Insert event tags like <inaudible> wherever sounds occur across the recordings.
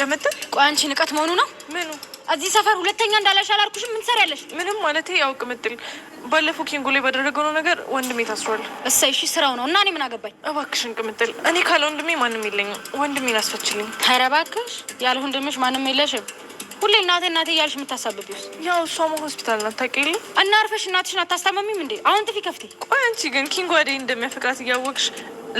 ከመጣ ቆይ፣ ንቀት መሆኑ ነው ምኑ? እዚህ ሰፈር ሁለተኛ እንዳላሽ አላልኩሽም? ምን ትሰሪያለሽ? ምንም ማለት ያው ቅምጥል፣ ባለፈው ኪንጎ ላይ ባደረገው ነው ነገር ወንድሜ ታስሯል። እሰይ፣ እሺ፣ ስራው ነው እና እኔ ምን አገባኝ? እባክሽን ቅምጥል፣ እኔ ካለ ወንድሜ ማንም የለኝም። ወንድሜን አስፈችልኝ። ኧረ እባክሽ፣ ያለ ወንድምሽ ማንም የለሽም። ሁሌ እናቴ እናቴ እያልሽ የምታሳብቢውስ? ያው እሷም ሆስፒታል ናት ታውቂያለሽ። እና አርፈሽ እናትሽን አታስታመሚም እንዴ? አሁን ጥፊ ከፍቴ። ቆይ አንቺ ግን ኪንጎ አደይ እንደሚያፈቅራት እያወቅሽ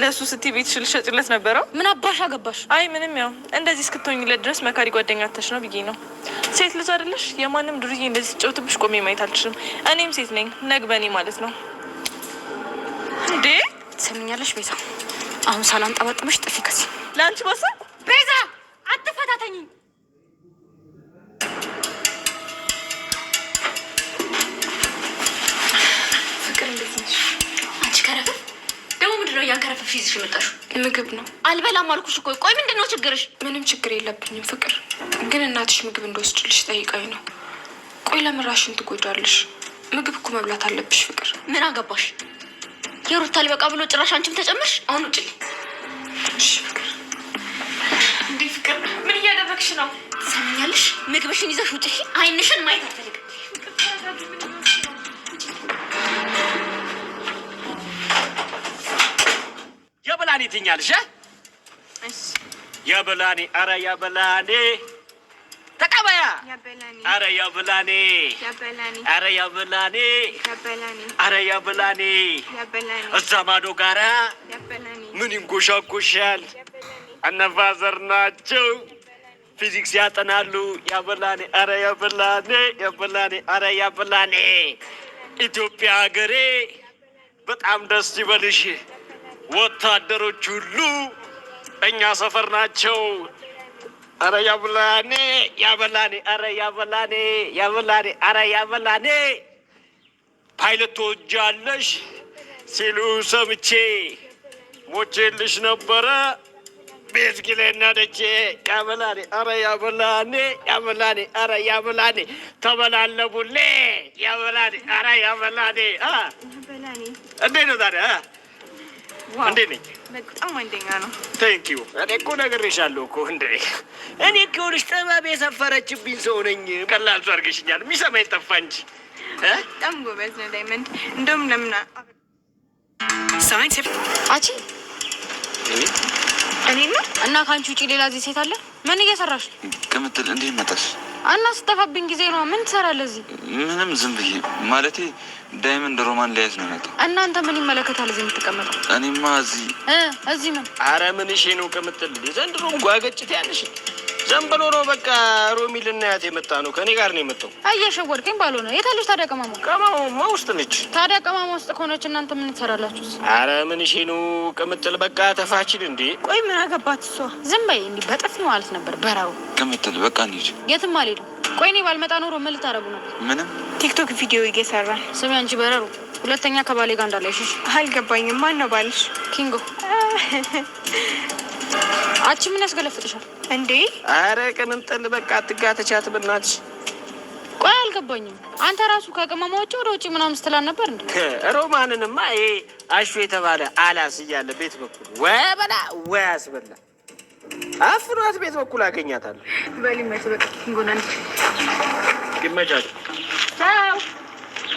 ለእሱ ስትይ ቤት ሽልሸጭለት ነበረው። ምን አባሽ አገባሽ? አይ ምንም፣ ያው እንደዚህ እስክትሆኝለት ድረስ መካሪ ጓደኛተሽ ነው ብዬ ነው። ሴት ልጅ አይደለሽ? የማንም ዱርዬ እንደዚህ ጨውትብሽ ቆሜ ማየት አልችልም። እኔም ሴት ነኝ፣ ነግበኔ ማለት ነው። እንዴ ትሰምኛለሽ? ቤዛ አሁን ሳላንጠባጠበሽ ጥፊ ከሲ ለአንቺ ባሳ እያንከረፈፍሽ ይዘሽ የመጣሽው ምግብ ነው። አልበላም አልኩሽ እኮ። ቆይ ምንድን ነው ችግርሽ? ምንም ችግር የለብኝም ፍቅር፣ ግን እናትሽ ምግብ እንደወስድልሽ ጠይቃኝ ነው። ቆይ ለምን ራሽን ትጎዳለሽ? ምግብ እኮ መብላት አለብሽ ፍቅር። ምን አገባሽ? የሩት አልበቃ ብሎ ጭራሽ አንቺም ተጨመርሽ። አሁን ውጭ ፍቅር። እንዴ ፍቅር፣ ምን እያደረግሽ ነው? ትሰማኛለሽ? ምግብሽን ይዘሽ ውጭ። አይንሽን ማየት አልፈልግም። የበላኔ ትኛለሽ? የበላኔ አረ የበላኔ ተቀበያ አረ የበላኔ አረ የበላኔ አረ የበላኔ እዛ ማዶ ጋራ ምን ይንጎሻጎሻል? እነፋዘር ናቸው ፊዚክስ ያጠናሉ። ያበላኔ አረ ያበላኔ ያበላኔ አረ ያበላኔ ኢትዮጵያ ሀገሬ በጣም ደስ ይበልሽ። ወታደሮች ሁሉ እኛ ሰፈር ናቸው። አረ ያበላኔ ያበላኔ አረ ያበላኔ ያበላኔ አረ ያበላኔ ፓይለት ትወጃለሽ ሲሉ ሰምቼ ሞቼልሽ ነበረ ቤት ኪሌና ደቼ ያበላኔ አረ ያበላኔ ያበላኔ አረ ያበላኔ ተበላለቡሌ ያበላኔ አረ ያበላኔ እንዴት ነው ታዲያ? እንዴት ነኝ? በጣም አንደኛ ነው። ቴንክ ዩ። እኔ እኮ ነግሬሻለሁ እኮ እንደ እኔ እኮ ይኸውልሽ ጥበብ የሰፈረችብኝ ሰው ነኝ። ቀላል ሰው አድርገሽኛል። የሚሰማኝ ጠፋ እንጂ በጣም ጎበዝ ነው ዳይመንድ። እንደውም ለምን አንቺ እኔ እና ከአንቺ ውጪ ሌላ ሴት አለ? ምን እየሰራሽ ከምትል እንዴት መጣሽ? እና ስጠፋብኝ ጊዜ ነው። ምን ትሰራለህ እዚህ? ምንም ዝም ብዬ ማለቴ ዳይመንድ ሮማን ሊያዝ ነው የመጣው። እናንተ ምን ይመለከታል እዚህ የምትቀመጠው? እኔማ እዚህ እዚህ ምን? አረ ምን ሼ ነው ከምትል ዘንድሮ ጓገጭት ያንሽ ዝም ብሎ ነው በቃ ሮሚ ልናያት የመጣ ነው። ከኔ ጋር ነው የመጣው። እየሸወድከኝ ባልሆነ ነው። የታለች ታዲያ ቀማማ? ቀማማ ውስጥ ነች። ታዲያ ቀማማ ውስጥ ከሆነች እናንተ ምን ትሰራላችሁ? አረ ምን ሺ ነው ቅምጥል፣ በቃ ተፋችል እንዴ። ቆይ ምን አገባት እሷ? ዝም በይ። እንዲህ በጥፊ ማለት ነበር በራው ቅምጥል። በቃ እንሂድ። የትም አልሄድም። ቆይ እኔ ባልመጣ ኖሮ ምን ልታደርጉ ነው? ምንም ቲክቶክ ቪዲዮ እየሰራን። ስሚ አንቺ በረሩ፣ ሁለተኛ ከባሌ ጋር እንዳላይሽሽ። አልገባኝም። ማን ነው ባልሽ? ኪንጎ <laughs> አንቺ ምን ያስገለፍጥሻል እንዴ? አረ ቅምም ጥል በቃ አትጋተቻት በእናትሽ። ቆይ አልገባኝም። አንተ ራሱ ከቅመማዎቹ ወደ ውጭ ምናምን ስትላል ነበር እንዴ? ሮማንንማ ይሄ አሹ የተባለ አላስ እያለ ቤት በኩል ወይ በላ ወይ አስበላ አፍኗት ቤት በኩል አገኛታለሁ። በሊመት በቃ ንጎናል ይመጫል።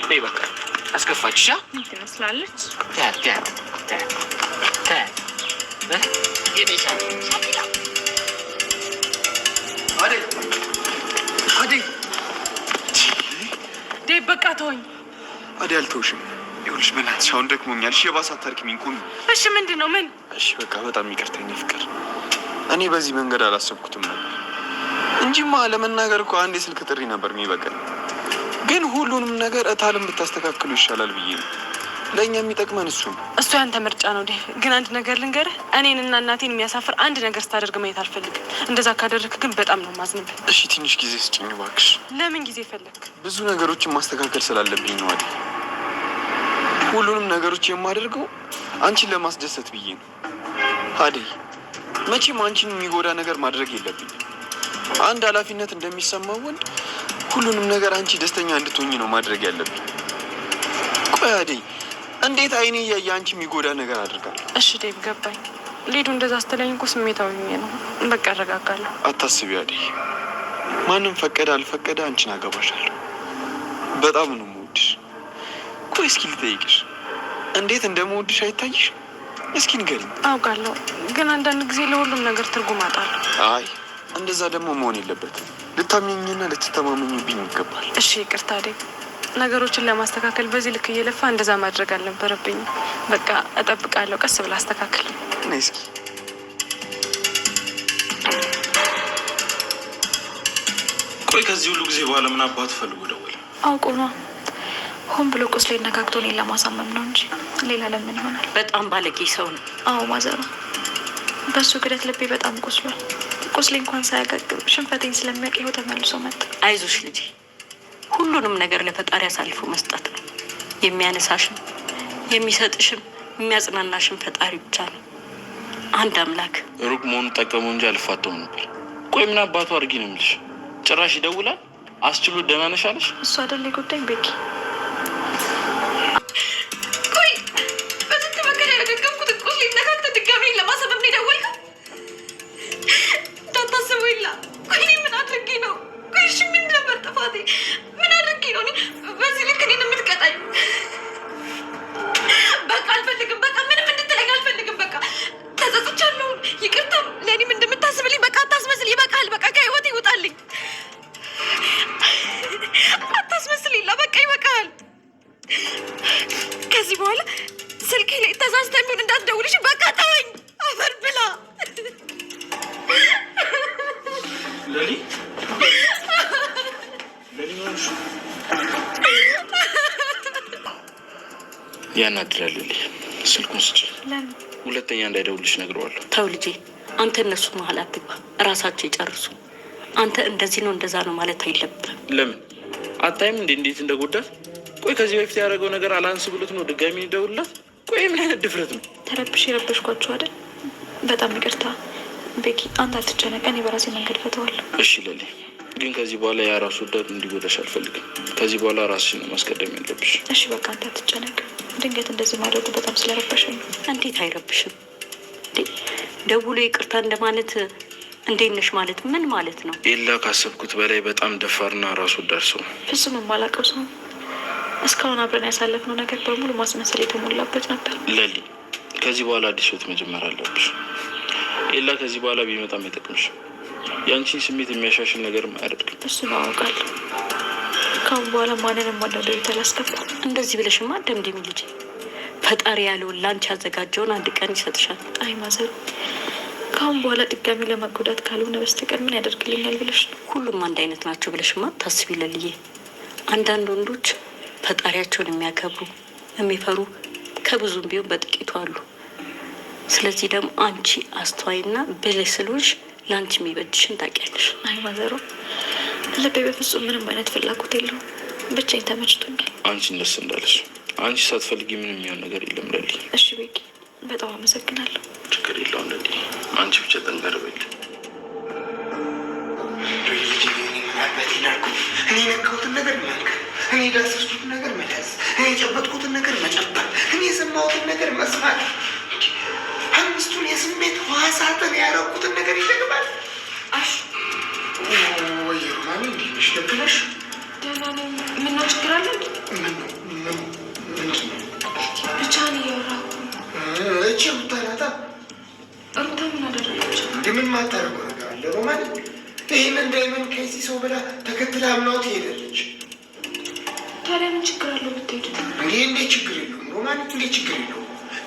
በቃ አስከፋችሻ ትመስላለች። በቃ ተወኝ። አዴ አልተውሽም። ይኸውልሽ በእናትሽ አሁን ደክሞኛል። እሺ የባሰ አታርቅሚኝ። ቁሚ። እሺ ምንድን ነው? ምን? እሺ በቃ በጣም ይቅርተኝ ፍቅር። እኔ በዚህ መንገድ አላሰብኩትም ነበር እንጂማ ለመናገር እኮ አንድ የስልክ ጥሪ ነበር የሚበቃል። ግን ሁሉንም ነገር እታልን ብታስተካክሉ ይሻላል ብዬ ነው። ለእኛ የሚጠቅመን እሱ ነው። እሱ ያንተ ምርጫ ነው። ግን አንድ ነገር ልንገርህ እኔን እና እናቴን የሚያሳፍር አንድ ነገር ስታደርግ ማየት አልፈልግም። እንደዛ ካደረክ ግን በጣም ነው ማዝንብ። እሺ ትንሽ ጊዜ ስጭኝ እባክሽ። ለምን ጊዜ ፈለግ? ብዙ ነገሮችን ማስተካከል ስላለብኝ ነው አይደል? ሁሉንም ነገሮች የማደርገው አንቺን ለማስደሰት ብዬ ነው አደይ። መቼም አንቺን የሚጎዳ ነገር ማድረግ የለብኝም። አንድ ኃላፊነት እንደሚሰማው ወንድ ሁሉንም ነገር አንቺ ደስተኛ እንድትሆኝ ነው ማድረግ ያለብኝ። ቆይ አደይ፣ እንዴት አይኔ እያየ አንቺ የሚጎዳ ነገር አድርጋል እሺ ዴብ ገባኝ። ሊዱ እንደዛ አስተለኝ እኮ ስሜታዊ ነው። በቃ አረጋጋለሁ። አታስቢ አደይ፣ ማንም ፈቀደ አልፈቀደ አንቺን አገባሻለሁ። በጣም ነው የምወድሽ እኮ። እስኪ ልጠይቅሽ፣ እንዴት እንደምወድሽ አይታይሽ? እስኪ ንገሪኝ። አውቃለሁ፣ ግን አንዳንድ ጊዜ ለሁሉም ነገር ትርጉም አጣለሁ። አይ እንደዛ ደግሞ መሆን የለበትም። ልታምኘኝና ልትተማመኝብኝ ይገባል። እሺ ይቅርታ አደይ። ነገሮችን ለማስተካከል በዚህ ልክ እየለፋ እንደዛ ማድረግ አልነበረብኝ። በቃ እጠብቃለሁ፣ ቀስ ብላ አስተካክል። ቆይ ከዚህ ሁሉ ጊዜ በኋላ ምን አባቱ ፈልጎ ደወለ? አውቁ ነ ሆን ብሎ ቁስሌ ነካክቶ እኔን ለማሳመም ነው እንጂ ሌላ ለምን ይሆናል? በጣም ባለጌ ሰው ነው። አዎ ማዘሩ፣ በእሱ ክደት ልቤ በጣም ቆስሏል። ቁስሌ እንኳን ሳያገግም ሽንፈቴን ስለሚያውቅ ይኸው ተመልሶ መጣ። አይዞሽ ልጄ ሁሉንም ነገር ለፈጣሪ አሳልፎ መስጠት ነው። የሚያነሳሽም የሚሰጥሽም የሚያጽናናሽም ፈጣሪ ብቻ ነው። አንድ አምላክ ሩቅ መሆኑ ጠቀመው እንጂ አልፋተው ነበር። ቆይ ምን አባቱ አድርጊ ነው የሚልሽ? ጭራሽ ይደውላል አስችሎ ደህና ነሽ አለሽ። እሱ አይደል የጎዳኝ ቤኪ ስልኬ ላይ ተሳስተ የሚሆን እንዳትደውልሽ። በቃ ተወኝ። አፈር ብላ ያናድራል። ስልኩን ስጭ። ሁለተኛ እንዳይደውልሽ ነግረዋለሁ። ተው ልጄ፣ አንተ እነሱ መሀል አትግባ። እራሳቸው ይጨርሱ። አንተ እንደዚህ ነው እንደዛ ነው ማለት አይለብም። ለምን አታይም እንዴ እንዴት እንደጎዳት? ቆይ ከዚህ በፊት ያደረገው ነገር አላንስ ብሎት ነው ድጋሚ ይደውልላት ቆይ ምን አይነት ድፍረት ነው? ተረብሽ የረበሽኳችሁ አይደል? በጣም ይቅርታ ቤኪ። አንተ አትጨነቅ፣ እኔ በራሴ መንገድ ፈተዋለሁ። እሺ ለሌ፣ ግን ከዚህ በኋላ ያ ወዳድ እንዲጎዳሽ አልፈልግም። ከዚህ በኋላ ራስሽን ማስቀደም ያለብሽ። እሺ በቃ አንተ አትጨነቅ። ድንገት እንደዚህ ማድረጉ በጣም ስለረበሸኝ ነው። እንዴት አይረብሽም? ደውሎ ይቅርታ እንደማለት እንዴት ነሽ ማለት ምን ማለት ነው? ኤላ ካሰብኩት በላይ በጣም ደፋርና ራስ ወዳድ ሰው። ፍጹም የማላውቀው ሰው እስካሁን አብረን ያሳለፍነው ነገር በሙሉ ማስመሰል የተሞላበት ነበር። ለሊ ከዚህ በኋላ አዲስ ህይወት መጀመር አለብሽ። ኤላ ከዚህ በኋላ ቢመጣም አይጠቅምሽ። የአንቺን ስሜት የሚያሻሽል ነገርም አያደርግም። እሱ አውቃለሁ። ካሁን በኋላ ማንንም ማዳደር ተላስከፋ እንደዚህ ብለሽማ ደምደሚ ልጄ፣ ፈጣሪ ያለውን ላንቺ ያዘጋጀውን አንድ ቀን ይሰጥሻል። አይ ማዘሩ ካሁን በኋላ ድጋሚ ለመጎዳት ካልሆነ በስተቀር ምን ያደርግልኛል ብለሽ ሁሉም አንድ አይነት ናቸው ብለሽማ ታስቢ ለልዬ አንዳንድ ወንዶች ፈጣሪያቸውን የሚያከብሩ የሚፈሩ ከብዙም ቢሆን በጥቂቱ አሉ። ስለዚህ ደግሞ አንቺ አስተዋይና ብልህ ስለሆንሽ ለአንቺ የሚበጅሽን ታውቂያለሽ። አይ ማዘሮ ልቤ በፍጹም ምንም አይነት ፍላጎት የለውም። ብቻኝ ተመችቶኛል። አንቺ እንደስ እንዳለሽ አንቺ ሳትፈልጊ ምንም የሚሆን ነገር የለም። ለሊ እሺ፣ ቤኪ በጣም አመሰግናለሁ። ችግር የለው ለሊ፣ አንቺ ብቻ ጠንከር በይ። እኔ ነካሁትን ነገር መንከር እኔ የዳሰስኩትን ነገር መዳሰስ፣ እኔ የጨበጥኩትን ነገር መጨበጥ፣ እኔ የሰማሁትን ነገር መስማት፣ አምስቱን የስሜት ሕዋሳትን ያረኩትን ነገር ይጠቅማል። ወይ ሮማን፣ እንዴት ነሽ? ልክ ነሽ። ደህና ነኝ። ምነው ችግር አለ? ብቻህን እያወራሁ እቺ ሩታ ናታ። ሩታ ምን አደረገች? ምን ማታረገው ነገር አለ ሮማን? ይህን እንዳይመን ከዚህ ሰው ብላ ተከትላ አምናውት ትሄዳለች። ታዲያ ምን ችግር አለው የምትሄዱት? እንዲህ እንዴ ችግር የለውም። ሮማን እንዴ ችግር የለውም።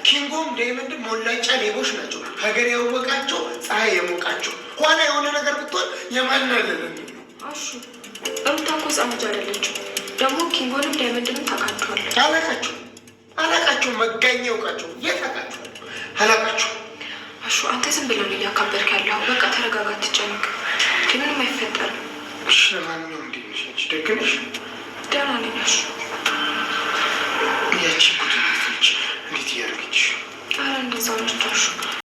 ኪንጎም ዳይመንድ ሞላጫ ሌቦች ናቸው። ሀገር ያወቃቸው ፀሐይ የሞቃቸው ኋላ የሆነ ነገር ብትሆን የማናለለ እሺ ሩታ እኮ ጻመጅ አይደለችም። ደግሞ ኪንጎንም ዳይመንድንም ታውቃቸዋለች። አላቃቸው አላቃቸው መጋኛ ያውቃቸው የት አውቃቸው አላቃቸው። አሹ አንተ ዝም ብለን እያካበርክ ያለው በቃ ተረጋጋ፣ አትጨነቅ። ምንም አይፈጠርም። እሺ ለማንኛውም እንዴት ነሽ? ደግ ደህና ነኝ። እሺ ያቺ ጉድ እንዴት ነች? እንዴት እያደረገች? አረ እንደዛው ልጅ